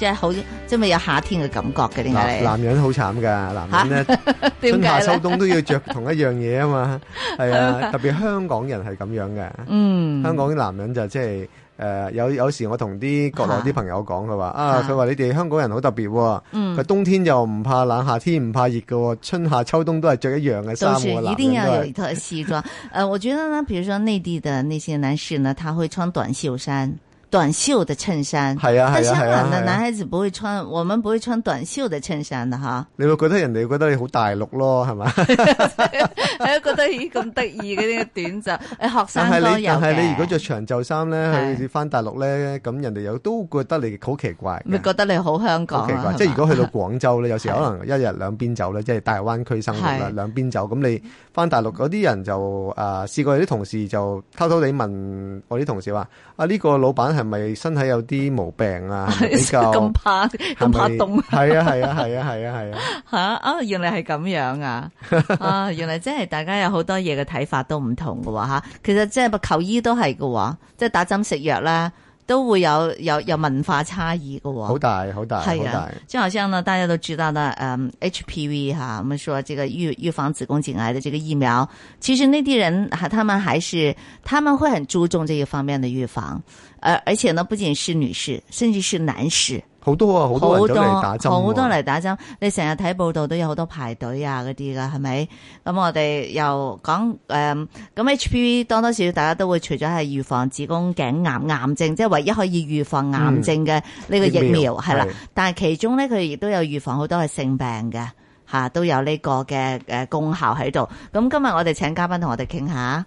即係好，即係咪有夏天嘅感覺嘅？點解？男人好慘㗎，男人咧、啊，春夏秋冬都要着同一樣嘢啊嘛。係啊，啊，特別香港人係咁樣嘅。嗯，香港啲男人就即係誒，有有時我同啲國內啲朋友講，佢話啊，佢、啊、話你哋香港人好特別、哦，佢、啊、嗯、冬天又唔怕冷，夏天唔怕熱嘅、哦，春夏秋冬都係着一樣嘅衫。一定要有一套西裝。誒、 呃，我覺得呢，譬如說內地嘅那些男士呢，他會穿短袖衫。短袖的襯衫，係啊，但香港的男孩子不會穿，啊啊啊、我們不會穿短袖的襯衫的哈。你會覺得人哋覺得你好大陸咯，係咪？你啊，覺得咦咁得意呢啲短袖，誒、哎，學生哥有嘅，但係你，你如果着長袖衫咧，去翻大陸咧，咁人哋又都覺得你好奇、啊、奇怪，你覺得你好香港？好奇怪，即係如果去到廣州咧，有時可能一日兩邊走咧，即係、就是、大灣區生活啦，兩邊走咁、嗯、你翻大陸嗰啲人就誒，試、呃、過有啲同事就偷偷地問我啲同事話，啊呢個老闆係咪身體有啲毛病啊？係係比較咁 怕咁怕凍，啊。係 啊係啊係啊係啊係啊嚇啊，啊、哦！原來係咁樣啊！ 啊！原來真係大家有好多嘢嘅睇法都唔同嘅喎，啊、其實即係求醫都係嘅喎，即、就、係、係、打針食藥咧。都會有有有文化差異的喎，好大好大，係啊，好大，就好像呢，大家都知道呢，嗯、um, HPV 哈、啊，我們說，這個預預防子宮頸癌的這個疫苗，其實內地人，哈，他們還是他們會很注重這一方面的預防，而、呃、而且呢，不僅是女士，甚至是男士。好多啊！好多人嚟打針，好多嚟打針。你成日睇報道都有好多排隊啊，嗰啲㗎係咪？咁我哋又講誒，咁、嗯、H P V 多多少少大家都會除咗係預防子宮頸癌癌症，即係唯一可以預防癌症嘅呢個疫苗係、嗯、啦。但係其中咧，佢亦都有預防好多係性病嘅吓，都有呢個嘅誒功效喺度。咁今日我哋請嘉賓同我哋傾下。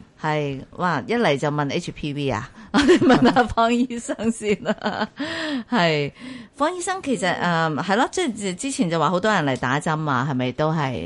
係，哇！一嚟就問 HPV 啊，我哋問下方醫生先啦、啊。係，方醫生其實誒係咯，即、嗯、係之前就話好多人嚟打針啊，係咪都係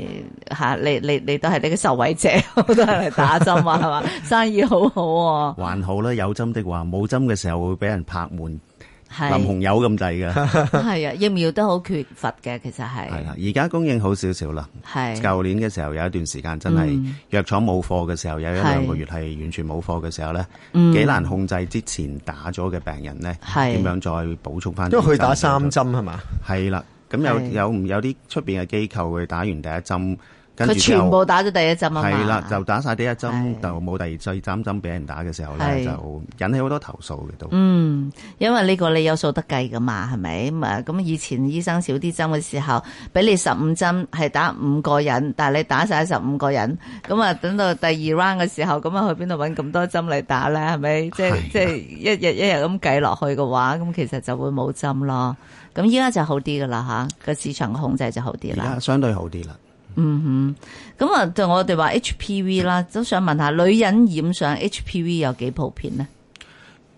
你你你都係你嘅受惠者，好多人嚟打針啊，係 嘛？生意好好、啊、喎，還好啦，有針的話，冇針嘅時候會俾人拍門。是林紅友咁滯嘅，係 啊，疫苗都好缺乏嘅，其實係。係啦，而家供應好少少啦。係。舊年嘅時候有一段時間真係藥廠冇貨嘅時候，有一兩個月係完全冇貨嘅時候咧，幾難控制之前打咗嘅病人咧，點樣再補充翻？因為佢打三針係嘛？係啦，咁有係有有啲出邊嘅機構佢打完第一針。佢全部打咗第一針啊嘛，係啦，就打晒第一針，就冇第，第二針。針俾人打嘅時候咧，就引起好多投訴嘅都。嗯，因為呢個你有數得計㗎嘛，係咪咁啊？咁以前醫生少啲針嘅時候，俾你十五針係打五個人，但係你打晒十五個人，咁啊等到第二 round 嘅時候，咁啊去邊度搵咁多針嚟打咧？係咪？即係即係一日一日咁計落去嘅話，咁其實就會冇針咯。咁依家就好啲㗎啦嚇，個、啊、市場嘅控制就好啲啦。而家相對好啲啦。嗯哼，咁啊，就我哋話 H P V 啦，都想問下女人染上 H P V 有幾普遍呢？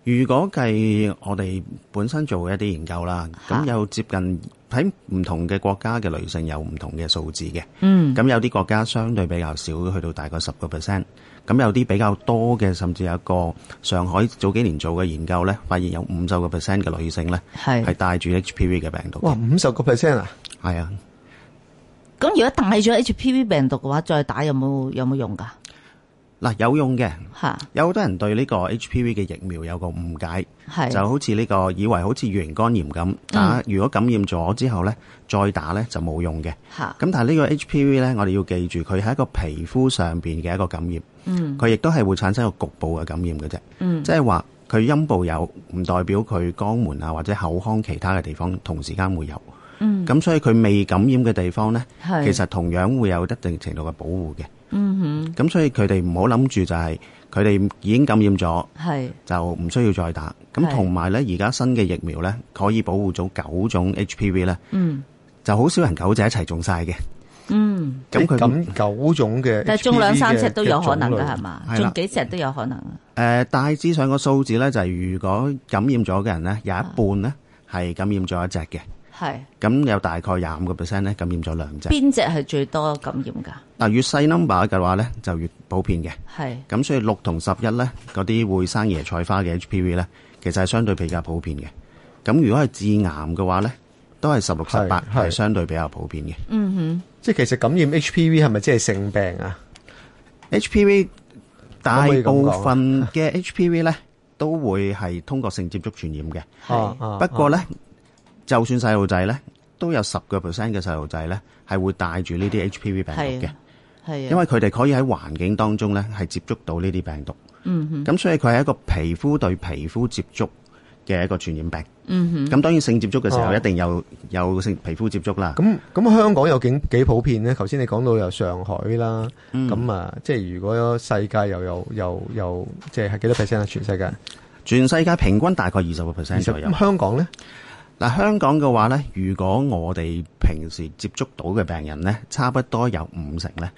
如果計我哋本身做嘅一啲研究啦，咁有接近喺唔同嘅國家嘅女性有唔同嘅數字嘅，嗯，咁有啲國家相對比較少，去到大概十個 percent，咁有啲比較多嘅，甚至有一個上海早幾年做嘅研究咧，發現有五十個 percent 嘅女性咧係係帶住 H P V 嘅病毒。哇，五十個 percent 啊！係啊。咁如果帶咗 HPV 病毒嘅話，再打有冇有冇用㗎？嗱，有用嘅，嚇。有好多人對呢個 HPV 嘅疫苗有個誤解，係就好似呢個，以為好似乙肝炎咁打、嗯，如果感染咗之後咧，再打咧就冇用嘅，嚇。咁但係呢個 HPV 咧，我哋要記住，佢係一個皮膚上面嘅一個感染，嗯，佢亦都係會產生一個局部嘅感染嘅啫，嗯，即係話佢陰部有，唔代表佢肛門啊或者口腔其他嘅地方同時間會有。咁所以佢未感染嘅地方咧，其實同樣會有一定程度嘅保護嘅。嗯哼。咁所以佢哋唔好諗住就係佢哋已經感染咗，就唔需要再打。咁同埋咧，而家新嘅疫苗咧，可以保護到九種 HPV 咧，就好少人九隻一齊中曬嘅。嗯。咁佢咁九種嘅，但係中兩三隻都有可能㗎係嘛？中幾隻都有可能啊。誒，大致上個數字咧就係，如果感染咗嘅人咧有一半咧係感染咗一隻嘅。係咁，有大概廿五個 percent 咧感染咗兩隻，邊隻係最多感染噶？嗱、啊，越細 number 嘅話咧，就越普遍嘅。係咁，所以六同十一咧，嗰啲會生椰菜花嘅 HPV 咧，其實係相對比較普遍嘅。咁如果係致癌嘅話咧，都係十六、十八係相對比較普遍嘅。嗯哼，即係其實感染 HPV 係咪即係性病啊？HPV 大部分嘅 HPV 咧都會係通過性接觸傳染嘅。係，不過咧。啊啊就算細路仔咧，都有十個 percent 嘅細路仔咧，係會帶住呢啲 H P V 病毒嘅，係啊，因為佢哋可以喺環境當中咧係接觸到呢啲病毒，嗯哼，咁所以佢係一個皮膚對皮膚接觸嘅一個傳染病，嗯哼，咁當然性接觸嘅時候一定有、哦、有性皮膚接觸啦。咁咁香港有幾幾普遍咧？頭先你講到有上海啦，咁、嗯、啊，即係如果有世界又有又又即係係幾多 percent 啊？全世界，全世界平均大概二十個 percent 左右。咁香港咧？嗱，香港嘅話咧，如果我哋平時接觸到嘅病人咧，差不多有五成咧，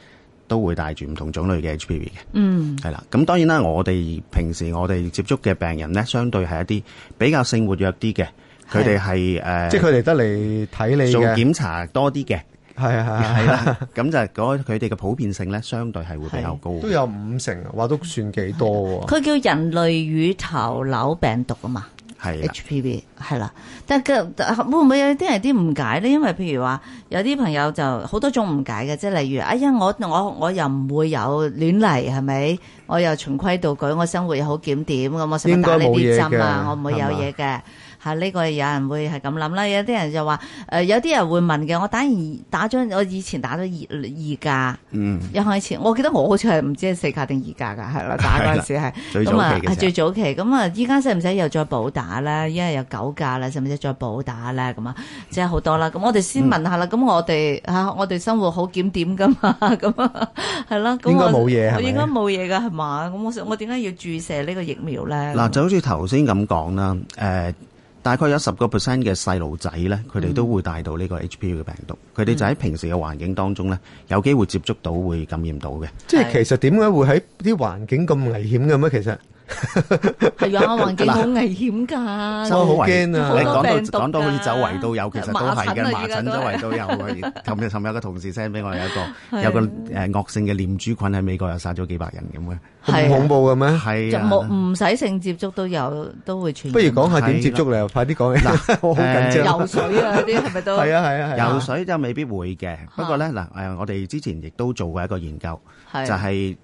都會帶住唔同種類嘅 HPV 嘅、嗯。嗯，係啦。咁當然啦，我哋平時我哋接觸嘅病人咧，相對係一啲比較性活躍啲嘅，佢哋係誒，即係佢哋得嚟睇你做檢查多啲嘅。係啊係啦，咁就係佢哋嘅普遍性咧，相對係會比較高。都有五成，話都算幾多、啊。佢叫人類乳頭瘤病毒啊嘛。係、啊、H P V 係啦、啊，但係會唔會有啲人啲誤解咧？因為譬如話有啲朋友就好多種誤解嘅，即係例如，哎呀，我我我又唔會有亂嚟係咪？我又循規蹈矩，我生活又好檢點，咁我使乜打呢啲針啊，我唔會有嘢嘅。係、這、呢個有人會係咁諗啦，有啲人就話誒、呃，有啲人會問嘅。我打完打咗，我以前打咗二二價，嗯，一開始我記得我好似係唔知係四價定二價噶，係啦，打嗰陣時係咁啊，最早期。咁啊，依家使唔使又再補打咧？因為有九價啦，使唔使再補打咧？咁、就是嗯、啊，即係好多啦。咁我哋先問下啦。咁我哋吓，我哋生活好檢點噶嘛？咁啊，係咯。應該冇嘢，應該冇嘢噶係嘛？咁我我點解要注射呢個疫苗咧？嗱，就好似頭先咁講啦，誒、呃。大概有十個 percent 嘅細路仔咧，佢哋都會帶到呢個 HPV 嘅病毒。佢哋就喺平時嘅環境當中咧，有機會接觸到會感染到嘅。即係其實點解會喺啲環境咁危險嘅咩？其實？係啊，環境好危險噶，都好驚啊！你講到講到好似周圍都有，其實都係嘅，麻疹周圍都有嘅。咁就，琴日琴日有個同事 send 俾我，有一個有個誒惡性嘅念珠菌喺美國又殺咗幾百人咁嘅，咁恐怖嘅咩？係就冇，唔使性接觸都有都會傳染。不如講下點接觸咧？快啲講啦！我好緊張。游水啊，啲係咪都係啊？係啊！游水就未必會嘅，不過咧嗱，我哋之前亦都做過一個研究，就係。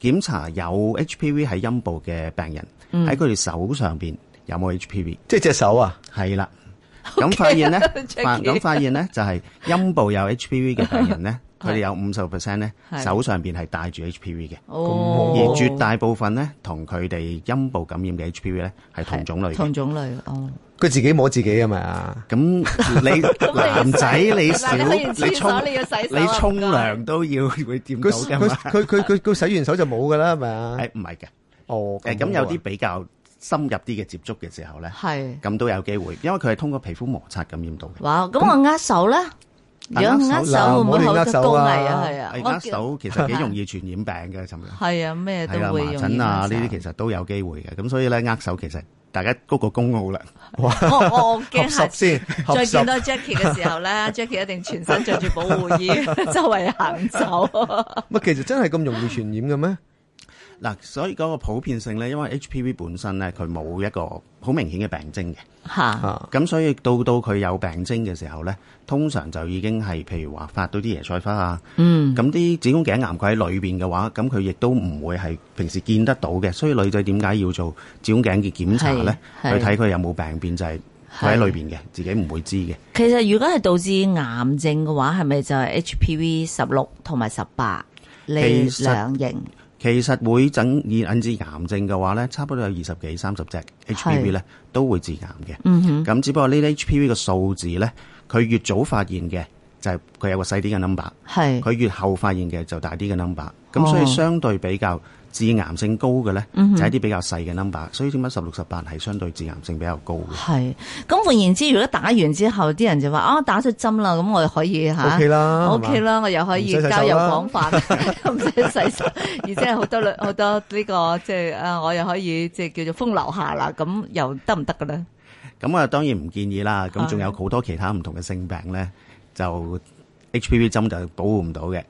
檢查有 H P V 喺陰部嘅病人，喺佢哋手上邊有冇 H P V？即係隻手啊？係啦，咁、okay. 發現咧，咁 發，發現咧就係、是、陰部有 H P V 嘅病人咧。 佢哋有五十 percent 咧，手上邊係帶住 HPV 嘅，而絕大部分咧同佢哋陰部感染嘅 HPV 咧係同種類。同種類哦。佢自己摸自己係咪啊？咁你男仔你洗你沖你沖涼都要會掂到㗎嘛？佢佢佢佢佢洗完手就冇㗎啦，係咪啊？誒唔係嘅，哦誒咁有啲比較深入啲嘅接觸嘅時候咧，咁都有機會，因為佢係通過皮膚摩擦感染到嘅。哇！咁我握手咧？如果握手，唔好亂握手啊！係啊，握手其實幾容易傳染病嘅，咁樣係啊，咩都會用、啊，麻疹啊呢啲其實都有機會嘅。咁所以咧，握手其實大家鞠個躬好啦、哦。我我驚下先，再見到 Jackie 嘅時候咧 ，Jackie 一定全身着住保護衣， 周圍圍行走。唔係，其實真係咁容易傳染嘅咩？嗱，所以嗰個普遍性咧，因為 H P V 本身咧，佢冇一個好明顯嘅病徵嘅。咁、啊啊、所以到到佢有病徵嘅時候咧，通常就已經係譬如話發到啲椰菜花啊。嗯，咁啲子宮頸癌佢喺裏面嘅話，咁佢亦都唔會係平時見得到嘅。所以女仔點解要做子宮頸嘅檢查咧？去睇佢有冇病變，就係佢喺裏面嘅，自己唔會知嘅。其實如果係導致癌症嘅話，係咪就係 H P V 十六同埋十八呢兩型？其實會整以引致癌症嘅話咧，差不多有二十幾三十隻 HPV 咧都會致癌嘅。咁、嗯、只不過呢啲 HPV 嘅數字咧，佢越早發現嘅就係、是、佢有個細啲嘅 number，佢越後發現嘅就大啲嘅 number。咁、哦、所以相對比較。致癌性高嘅咧，就係一啲比較細嘅 number，所以點解十六十八係相對致癌性比較高嘅？係，咁換言之，如果打完之後，啲人就話啊，打咗針啦，咁我就可以吓，O K 啦，O K 啦，我又可以交友廣泛，唔使洗手，而且好多好多呢個即係啊，我又可以即係叫做風流下啦，咁 又得唔得嘅咧？咁啊，當然唔建議啦。咁仲有好多其他唔同嘅性病咧，就 H P V 針就保護唔到嘅。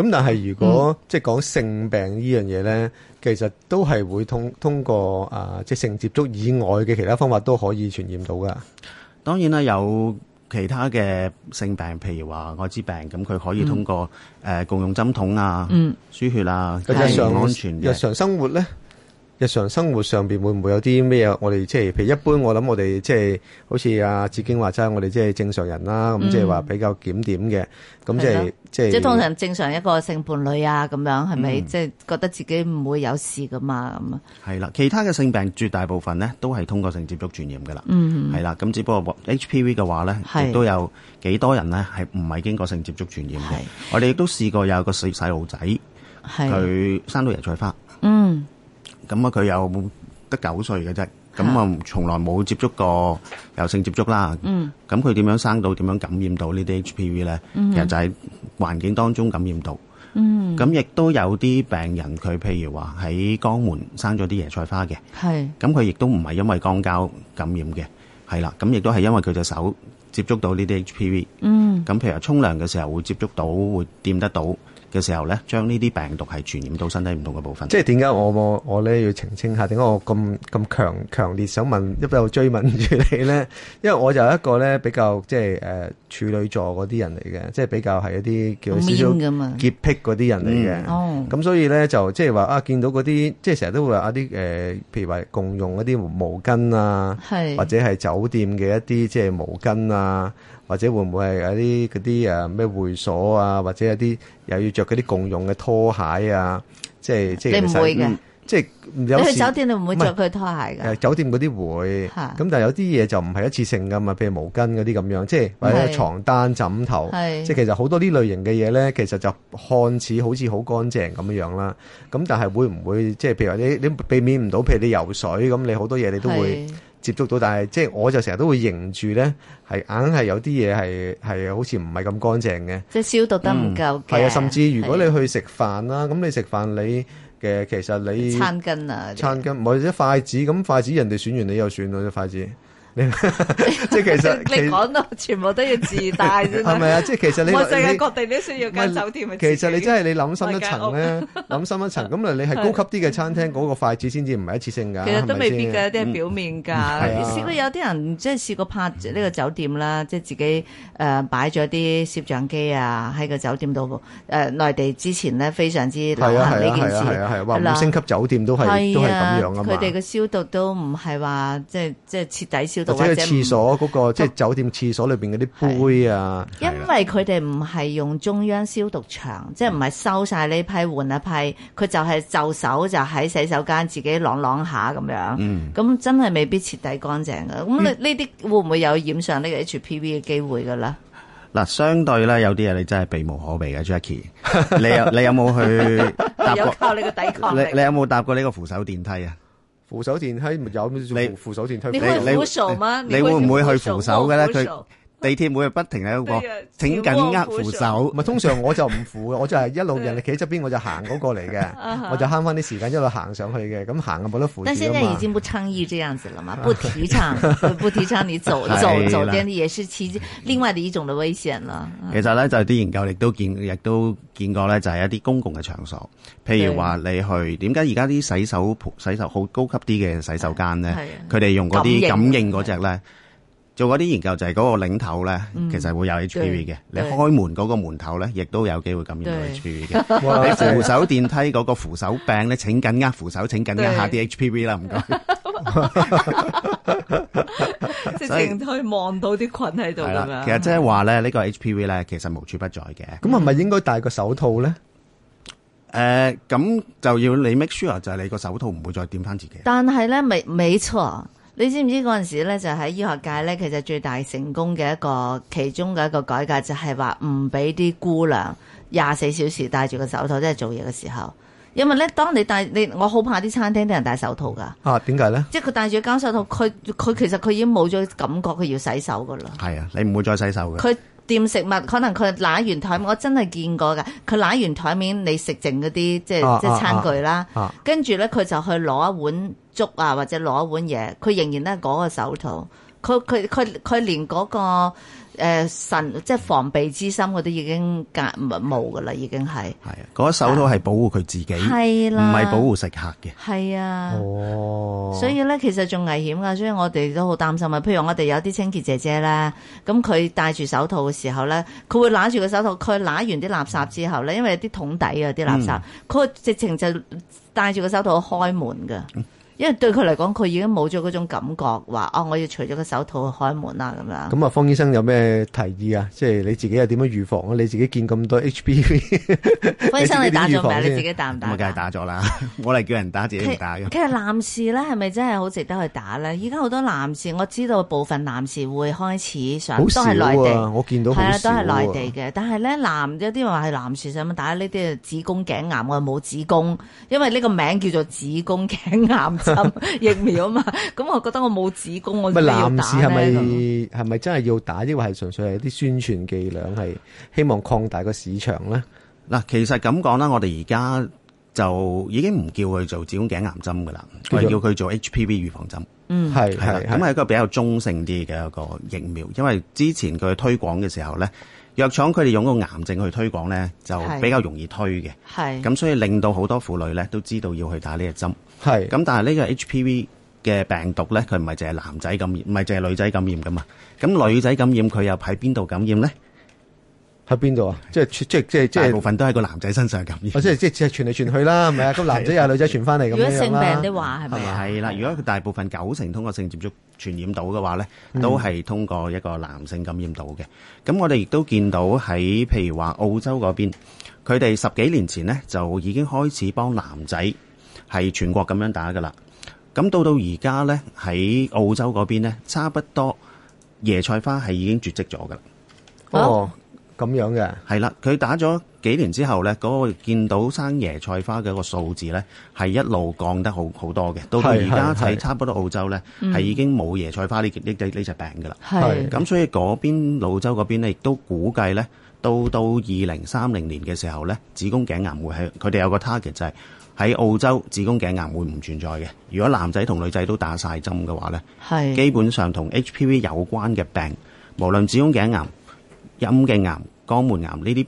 咁但係如果即係講性病呢樣嘢咧，其實都係會通通過啊，即、就、係、是、性接觸以外嘅其他方法都可以傳染到㗎。當然啦，有其他嘅性病，譬如話愛滋病，咁佢可以通過、嗯呃、共用針筒啊、嗯、輸血啊，係唔安全嘅。日常生活咧？日常生活上面會唔會有啲咩啊？我哋即係譬如一般我我，我諗我哋即係好似阿志荊話齋我哋即係正常人啦，咁、嗯、即係話比較檢點嘅，咁即係即係即係通常正常一個性伴侶啊，咁樣係咪、嗯、即係覺得自己唔會有事噶嘛？咁啊，係啦，其他嘅性病絕大部分呢都係通過性接觸傳染噶啦，係、嗯、啦，咁只不過 HPV 嘅話咧，亦都有幾多人呢係唔係經過性接觸傳染嘅？我哋亦都試過有個細細路仔，佢生到椰菜花。咁啊，佢有得九歲嘅啫，咁啊，從來冇接觸過柔性接觸啦。嗯。咁佢點樣生到？點樣感染到呢啲 H P V 咧？嗯。其實就喺環境當中感染到。嗯。咁亦都有啲病人，佢譬如話喺肛門生咗啲椰菜花嘅。係。咁佢亦都唔係因為肛交感染嘅，係啦。咁亦都係因為佢隻手接觸到呢啲 H P V。嗯。咁譬如話沖涼嘅時候會接觸到，會掂得到。嘅時候咧，將呢啲病毒係傳染到身體唔同嘅部分。即係點解我我我咧要澄清下？點解我咁咁強強烈想問一邊追問住你咧？因為我就係一個咧比較即係誒處女座嗰啲人嚟嘅，即係比較係一啲叫少少潔癖嗰啲人嚟嘅。哦。咁所以咧就即係話啊，見到嗰啲即係成日都會話一啲誒，譬如話共用一啲毛巾啊，係或者係酒店嘅一啲即係毛巾啊。或者會唔會係一啲嗰啲誒咩會所啊，或者有啲又要著嗰啲共用嘅拖鞋啊？即係即係。你唔會嘅，即係。喺酒店你唔會著佢拖鞋嘅。誒酒店嗰啲會，咁但係有啲嘢就唔係一次性噶嘛，譬如毛巾嗰啲咁樣，即係或者床單枕頭。係即係其實好多呢類型嘅嘢咧，其實就看似好似好乾淨咁樣樣啦。咁但係會唔會即係譬如話你你避免唔到？譬如你游水咁，你好多嘢你都會。接觸到，但係即係我就成日都會認住咧，係硬係有啲嘢係係好似唔係咁乾淨嘅、嗯，即係消毒得唔夠。係、嗯、啊，甚至如果你去食飯啦，咁你食飯你嘅其實你餐巾啊，餐巾或者筷子咁筷子，筷子人哋選完你又選啊隻筷子。即 係其實，你講到全部都要自帶先係咪啊？即 係其實你，我世界各地都需要間酒店。其實你真係你諗深，深一層咧，諗深，深一層，咁你係高級啲嘅餐廳嗰個筷子先至唔係一次性噶，其實都未必噶，啲係表面噶。你、嗯、試、啊、 過有啲人即係試過拍呢個酒店啦，即係自己誒擺咗啲攝像機啊喺個酒店度。誒、呃，內地之前呢，非常之流行呢件事，啊係啊係啊係啊、呃，五星級酒店都係 都係咁樣。佢哋嘅消毒都唔係話即係即係徹底或者、嗰個廁所嗰個即係、就是、酒店廁所裏邊嗰啲杯啊，是因為佢哋唔係用中央消毒場，是即係唔係收晒呢批換一批，佢、嗯、就係就手就喺洗手間自己晾晾下咁樣。咁、嗯、真係未必徹底乾淨噶咁你呢啲會唔會有染上呢個 HPV 嘅機會噶啦？嗱，相對咧有啲嘢你真係避無可避嘅，Jacky。你有，沒有，去過 有你，你，你有冇去？靠你個抵抗力？你有冇搭過呢個扶手電梯啊？扶手電梯冇有咩扶手電梯，你，你，你，你會你會唔會，會去扶手嘅咧？佢？地鐵每日不停喺度講，請緊握扶手。通常我就唔扶嘅， 我就係一路人哋企喺側邊，我就行嗰個嚟嘅， 我就慳翻啲時間一路行上去嘅。咁行啊，冇得扶。但係現在已經不倡議這樣子啦嘛 提倡， 不提倡，不提倡你走 走 走嘅，走 也是其另外的一種嘅危險啦。其實咧就啲、是、研究亦都見，亦都見過咧，就係一啲公共嘅場所，譬如話你去點解而家啲洗手洗手好高級啲嘅洗手間咧，佢哋用嗰啲感應嗰隻咧。做嗰啲研究就係、是、嗰個領頭咧，其實會有 H P V 嘅、嗯。你開門嗰個門頭咧，亦都有機會感染到 H P V 嘅。你扶手電梯嗰個扶手柄咧，請緊握扶手，請緊一下啲 H P V 啦，唔該。 直情可以望到啲菌喺度。啦，其實即係話咧，呢個 H P V 咧，其實無處不在嘅。咁係咪應該戴個手套咧？誒、嗯，咁、呃、就要你 make sure 就係你個手套唔會再掂翻自己。但係咧，冇冇錯。你知唔知嗰陣時咧，就喺醫學界咧，其實最大成功嘅一個其中嘅一個改革，就係話唔俾啲姑娘廿四小時戴住個手套，即係做嘢嘅時候。因為咧，當你戴你，我好怕啲餐廳啲人戴手套㗎。啊，點解咧？即係佢戴住膠手套，佢，佢其實佢已經冇咗感覺，佢要洗手㗎啦。係啊，你唔會再洗手嘅。佢掂食物可能，佢舐完枱面，我真係見過㗎。佢舐完枱面，你食剩嗰啲即係、啊、即餐具啦，跟住咧佢就去攞一碗。捉啊，或者攞一碗嘢，佢仍然咧嗰個手套，佢佢佢佢連嗰、那個、呃、神即係防備之心，佢都已經隔冇㗎噶啦，已經係係啊！嗰、那個、手套係保護佢自己，唔係、啊、保護食客嘅。係啊、哦，所以咧其實仲危險噶，所以我哋都好擔心啊。譬如我哋有啲清潔姐姐咧，咁佢戴住手套嘅時候咧，佢會攋住個手套。佢攋完啲垃圾之後咧，因為有啲桶底啊，啲垃圾佢、嗯、直情就戴住個手套開門噶。嗯因為對佢嚟講，佢已經冇咗嗰種感覺，話哦，我要除咗個手套去開門啦咁樣。咁啊，方醫生有咩提議啊？即係你自己又點樣預防啊？你自己見咁多 HPV，方醫生你打咗未你自己打唔打，打，打？我梗係打咗啦， 我嚟叫人打自己唔打嘅。其實男士咧係咪真係好值得去打咧？而家好多男士我知道部分男士會開始想、啊、都係內地，我見到係呀、啊，都係內地嘅。但係咧男有啲話係男士想打呢啲，子宮頸癌我冇子宮，因為呢個名叫做子宮頸癌。 嗯、疫苗啊嘛，咁、嗯、我覺得我冇子宮，我唔係男士係咪係咪真係要打，抑或係純粹係啲宣傳伎倆，係希望擴大個市場咧？嗱，其實咁講啦，我哋而家就已經唔叫佢做子宮頸癌針噶啦，係叫佢做 HPV 預防針。嗯，係係啦，咁係一個比較中性啲嘅一個疫苗，因為之前佢推廣嘅時候咧。藥廠佢哋用個癌症去推廣呢，就比較容易推嘅。係，咁所以令到好多婦女呢都知道要去打呢個針。係，咁但係呢個 HPV 嘅病毒呢，佢唔係淨係男仔感染，唔係淨係女仔感染噶嘛。咁女仔感染佢又喺邊度感染呢？喺邊度啊？即係即係即係即係大部分都喺個男仔身上感染，即係即係傳嚟傳去啦，係咪啊？咁男仔又係女仔傳翻嚟，咁如果性病的話，係咪？係啦，如果大部分九成通過性接觸傳染到嘅話咧，都係通過一個男性感染到嘅。咁我哋亦都見到喺譬如話澳洲嗰邊，佢哋十幾年前咧就已經開始幫男仔係全國咁樣打㗎喇。咁到到而家咧喺澳洲嗰邊咧，差不多椰菜花係已經絕跡咗㗎喇。哦。哦。咁樣嘅係啦，佢打咗幾年之後呢，嗰、嗰個見到生椰菜花嘅個個數字呢，係一路降得好好多嘅。到到而家喺差不多澳洲呢，係已經冇椰菜花呢呢啲呢隻病㗎啦。咁，所以嗰邊澳洲嗰邊呢，亦都估計呢，到到二零三零年嘅時候呢，子宮頸癌會係佢哋有個 target 就係、係、喺澳洲子宮頸癌會唔存在嘅。如果男仔同女仔都打晒針嘅話呢，係基本上同 H P V 有關嘅病，無論子宮頸癌。陰莖癌、肛門癌呢啲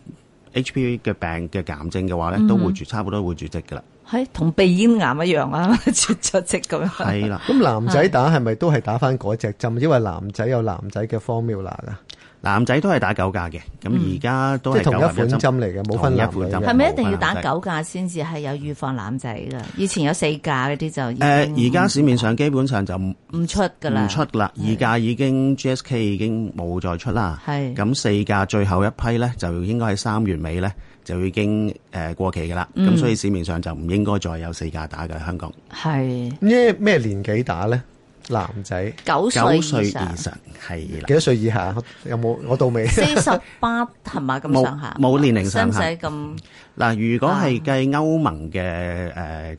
H.P.V. 嘅病嘅癌症嘅話咧、嗯嗯，都會住，差唔多會絕跡嘅啦。係、哎、同鼻咽癌一樣啊，出咗咁樣。係啦，咁 男仔打係咪都係打返嗰隻針？因為男仔有男仔嘅 formula 噶，男仔都係打九價嘅。咁而家都係、嗯就是、同一款針嚟嘅，冇分男女、一款針。係咪一定要打九價先至係有預防男仔噶、嗯？以前有四價嗰啲就誒，而、呃、家市面上基本上就唔出噶啦，唔出啦。二價已經 GSK 已經冇再出啦。咁，四價最後一批咧，就應該係三月尾咧，就已經誒過期㗎啦，咁、嗯、所以市面上就唔應該再有四價打嘅，香港。係咩咩年紀打咧？男仔九九歲以上係幾多歲以下？有冇我到未四十八係嘛，咁上下？冇年齡上限？咁？嗱，如果係計歐盟嘅誒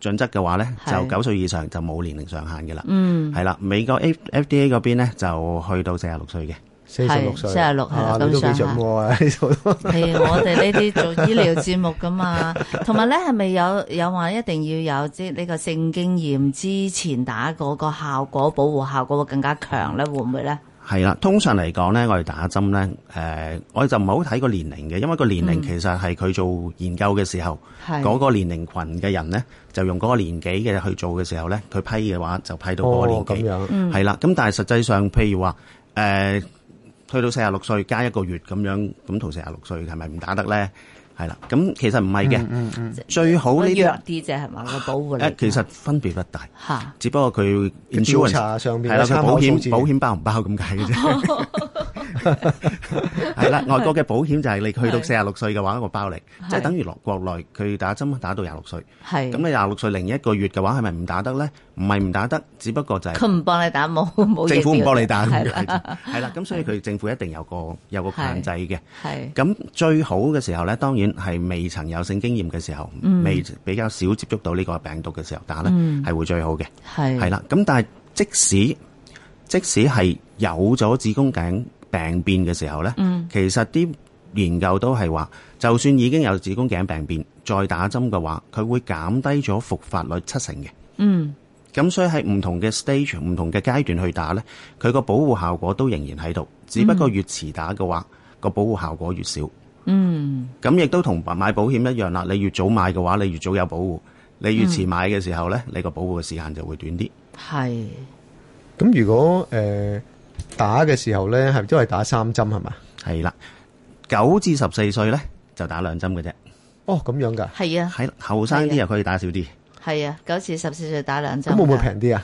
準則嘅話咧，就九歲以上就冇年齡上限嘅啦。嗯，係啦，美國 F FDA 嗰邊咧就去到四十六歲嘅。係，四十六係啦，咁上下。係我哋呢啲做醫療節目噶嘛，同埋咧，係咪有有話一定要有啲呢個性經驗之前打嗰個效果，保護效果會更加強咧？會唔會咧？係啦，通常嚟講咧，我哋打針咧，誒、呃，我哋就唔好睇個年齡嘅，因為個年齡其實係佢做研究嘅時候，嗰、嗯，嗰個年齡群嘅人咧，就用嗰個年紀嘅去做嘅時候咧，佢批嘅話就批到嗰個年紀，係、哦、啦。咁但係實際上，譬如話誒。呃推到四十六歲加一個月咁樣，咁同四十六歲係咪唔打得咧？係啦，咁其實唔係嘅，最好呢啲弱啲啫，係嘛，我保護你。其實分別不大，吓，只不過佢檢查上邊係啦，保險保險包唔包咁解嘅啫。係 啦， 外國嘅保險就係你去到四十六歲嘅話，一個包你，即係、就是、等於落國內佢打針打到廿六歲，係咁你廿六歲零一個月嘅話，係咪唔打得咧？唔係唔打得，只不過就係佢唔幫你打冇，冇政府唔幫你打係啦，咁 所以佢政府一定有個有個限制嘅，係咁最好嘅時候咧，當然。係未曾有性經驗嘅時候、嗯，未比較少接觸到呢個病毒嘅時候打呢，係、嗯、會最好嘅。係啦，咁但係即使即使係有咗子宮頸病變嘅時候呢、嗯，其實啲研究都係話，就算已經有子宮頸病變，再打針嘅話，佢會減低咗復發率七成嘅。嗯，咁所以喺唔同嘅 stage、唔同嘅階段去打呢，佢個保護效果都仍然喺度，只不過越遲打嘅話，個、嗯、保護效果越少。嗯，咁亦都同買保險一樣啦。你越早買嘅話，你越早有保護；你越遲買嘅時候呢，嗯，你個保護嘅時間就會短啲。係，咁如果誒打嘅時候呢，係都係打三針係嘛？係啦，九至十四歲呢，就打兩針嘅啫。哦，咁樣噶？係啊，係後生啲又可以打少啲。係啊，九至十四歲打兩針，咁會唔會平啲啊？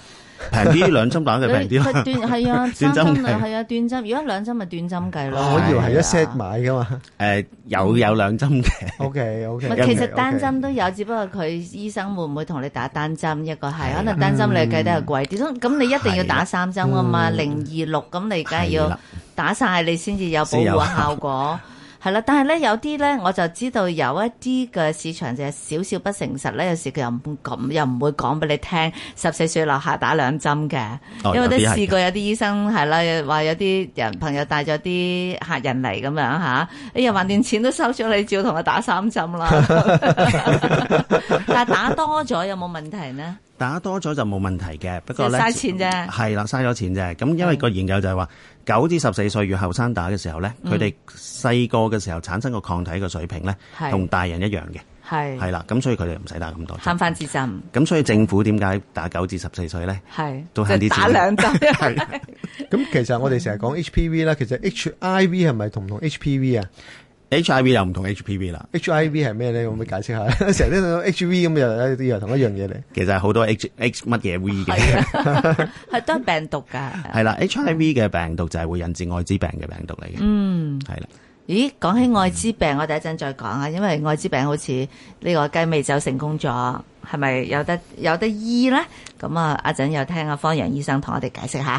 平啲兩針版嘅平啲，係啊三針係啊斷針，如果兩針咪斷針計咯。我以為係一 set 買噶嘛，誒有有兩針嘅。O K O K。唔係其實單針都有，只不過佢醫生會唔會同你打單針？一個係可能單針你計得係貴啲咯，咁你一定要打三針啊嘛，零二六咁你而家要打晒你先至有保護效果。係啦，但係咧有啲咧，我就知道有一啲嘅市場就係少少不誠實咧，有時佢又唔咁，又唔會講俾你聽十四歲樓下打兩針嘅，因為都試過有啲醫生係啦，話、哦、有啲人朋友帶咗啲客人嚟咁樣吓，又日還掂錢都收咗你，照同佢打三針啦。 但係打多咗有冇問題呢？打多咗就冇問題嘅，不過咧，係啦，嘥、嗯、咗錢啫。咁因為個研究就係話，九至十四歲越後生打嘅時候咧，佢哋細個嘅時候產生個抗體嘅水平咧，同大人一樣嘅。係。係啦，咁所以佢哋唔使打咁多。慘翻自身。咁所以政府點解打九至十四歲咧？係。都慳啲錢。就是、打兩劑。係。咁其實我哋成日講 H P V 啦，其實 H I V 係咪同唔同 H P V 啊？H I V 又唔同 H P V 啦，H I V 係咩咧？可唔可以解釋下？成 日聽到 H V 咁又又同一樣嘢嚟，其實係好多 hh 乜嘢 V 嘅、啊，係 都係病毒噶。係啦、嗯、，H I V 嘅病毒就係會引致艾滋病嘅病毒嚟嘅。嗯，係啦。咦，講起艾滋病，我哋一陣再講啊，因為艾滋病好似呢個雞尾酒成功咗，係咪有得有得醫咧？咁啊，阿陣又聽阿方陽醫生同我哋解釋下。